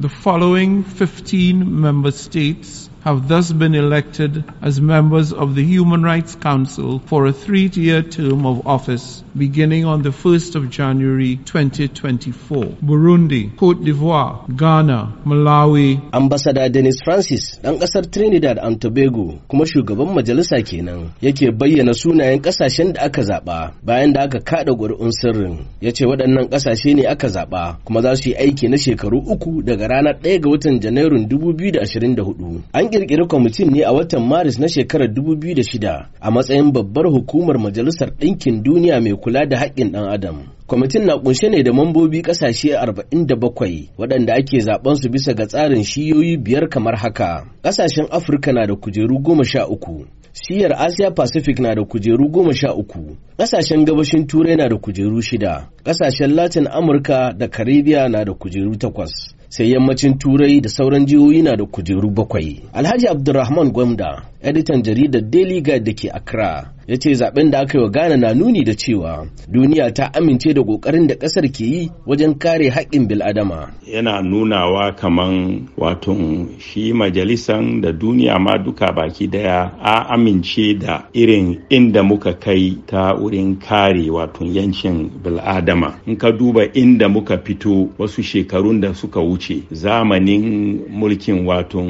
the following 15 member states have thus been elected as members of the Human Rights Council for a three-year term of office beginning on the 1st of January 2024. Burundi, Cote d'Ivoire, Ghana, Malawi. Ambassador Dennis Francis ɗan ƙasar Trinidad and Tobago kuma shugaban majalisa kenan yake bayyana sunayen ƙasashen da aka zaɓa bayan da aka kaɗa ƙuri'un sirrin ya ce waɗannan ƙasashe ne aka zaɓa kuma za su yi aiki na shekaru uku daga ranar 1 ga watan Janairun 2024. An An kwamitin ne a watan Maris na shekarar 2006 a matsayin babbar hukumar Majalisar Ɗinkin Duniya mai kula da haƙƙin ɗan Adam. Kwamitin na kunshe ne da mambobi ƙasashe 47 waɗanda ake zaben su bisa ga tsarin shiyoyi biyar kamar haka. Ƙasashen Afirka na da kujeru goma sha uku, siyar Asia Pacific na da kujeru goma sha uku, ƙasashen gabashin Turai na da kujeru shida, ƙasashen Latin Amurka da Caribbean na da kujeru takwas. sai yammacin turai da sauran jihohi na da kujeru bakwai alhaji abdulrahman gwamda editan jaridar daily guide da ke accra ya ce zaben da aka yi wa ghana na nuni da cewa duniya ta amince da ƙoƙarin da ƙasar ke yi wajen kare haƙƙin biladama yana nunawa kaman wato shi majalisan da duniya ma duka baki daya a amince da irin inda muka kai ta wurin kare wato yancin biladama in ka duba inda muka fito wasu shekarun da suka wuce zamanin mulkin wato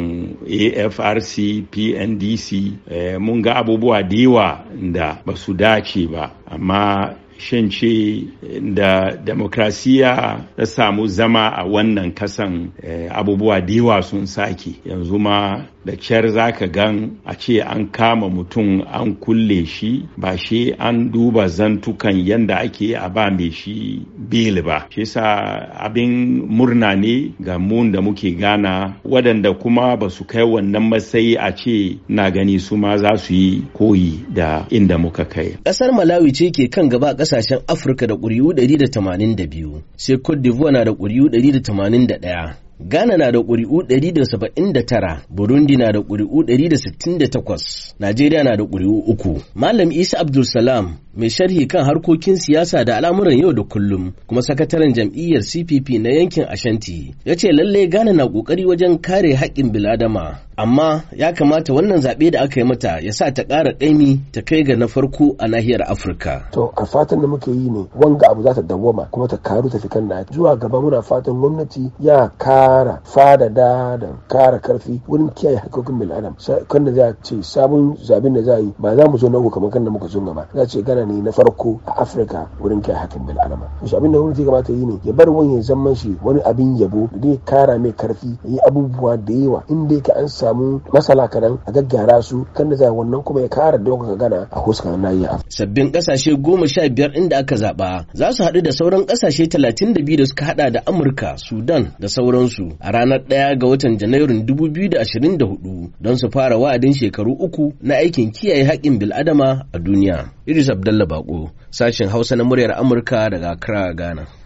afrc pndc hadisi eh, mun ga abubuwa da yawa da ba su dace ba amma shan ce da demokrasiya ta samu zama a wannan kasan eh, abubuwa da yawa sun sake yanzu ma da kyar za ka gan a ce an kama mutum an kulle shi ba shi an duba zantukan yadda ake a ba mai shi bil ba shi sa abin murna ne ga mun da muke gana waɗanda kuma ba su kai wannan matsayi a ce na gani su ma za su yi koyi da inda muka kai ƙasar malawi ce ke kan gaba ƙasashen afirka da ƙuri'u 182 sai cote d'ivoire na da ƙuri'u 181 Ghana na da ƙuri'u 179, Burundi na da ƙuri'u 168, Najeriya na da ƙuri'u uku. Malam Isa Abdulsalam mai sharhi kan harkokin siyasa da al'amuran yau da kullum kuma sakataren jam'iyyar CPP na yankin Ashanti ya ce lallai Ghana na ƙoƙari wajen kare haƙƙin biladama amma ya kamata wannan zaɓe da aka yi mata ya sa ta ƙara ƙaimi ta kai ga na farko a nahiyar Afirka. To a fatan da muke yi ne wanga abu za ta dawoma kuma ta karu ta fi kan na zuwa gaba muna fatan gwamnati ya ka kara fadada da ƙara karfi wurin kiyaye bil' adam kan da za a ce sabon zabin da za a yi ba za mu zo na uku kamar kan da muka zo ba za a ce gana ne na farko a afirka wurin kiyaye haƙƙin bil'adama shi abin da gwamnati kamata yi ne ya bar wani ya zama shi wani abin yabo da zai kara mai karfi ya yi abubuwa da yawa in dai ka an samu masala kadan a gaggara su kan da za a wannan kuma ya kara ka gana a huskan yi afirka sabbin kasashe goma sha biyar inda aka zaɓa za su haɗu da sauran kasashe talatin da biyu da suka haɗa da amurka sudan da sauransu su a ranar ɗaya ga watan Janairun 2024 don su fara wa'adin shekaru uku na aikin kiyaye haƙƙin bil'adama a duniya. Idris Abdallah Bako, sashen Hausa na muryar Amurka daga Accra, Ghana.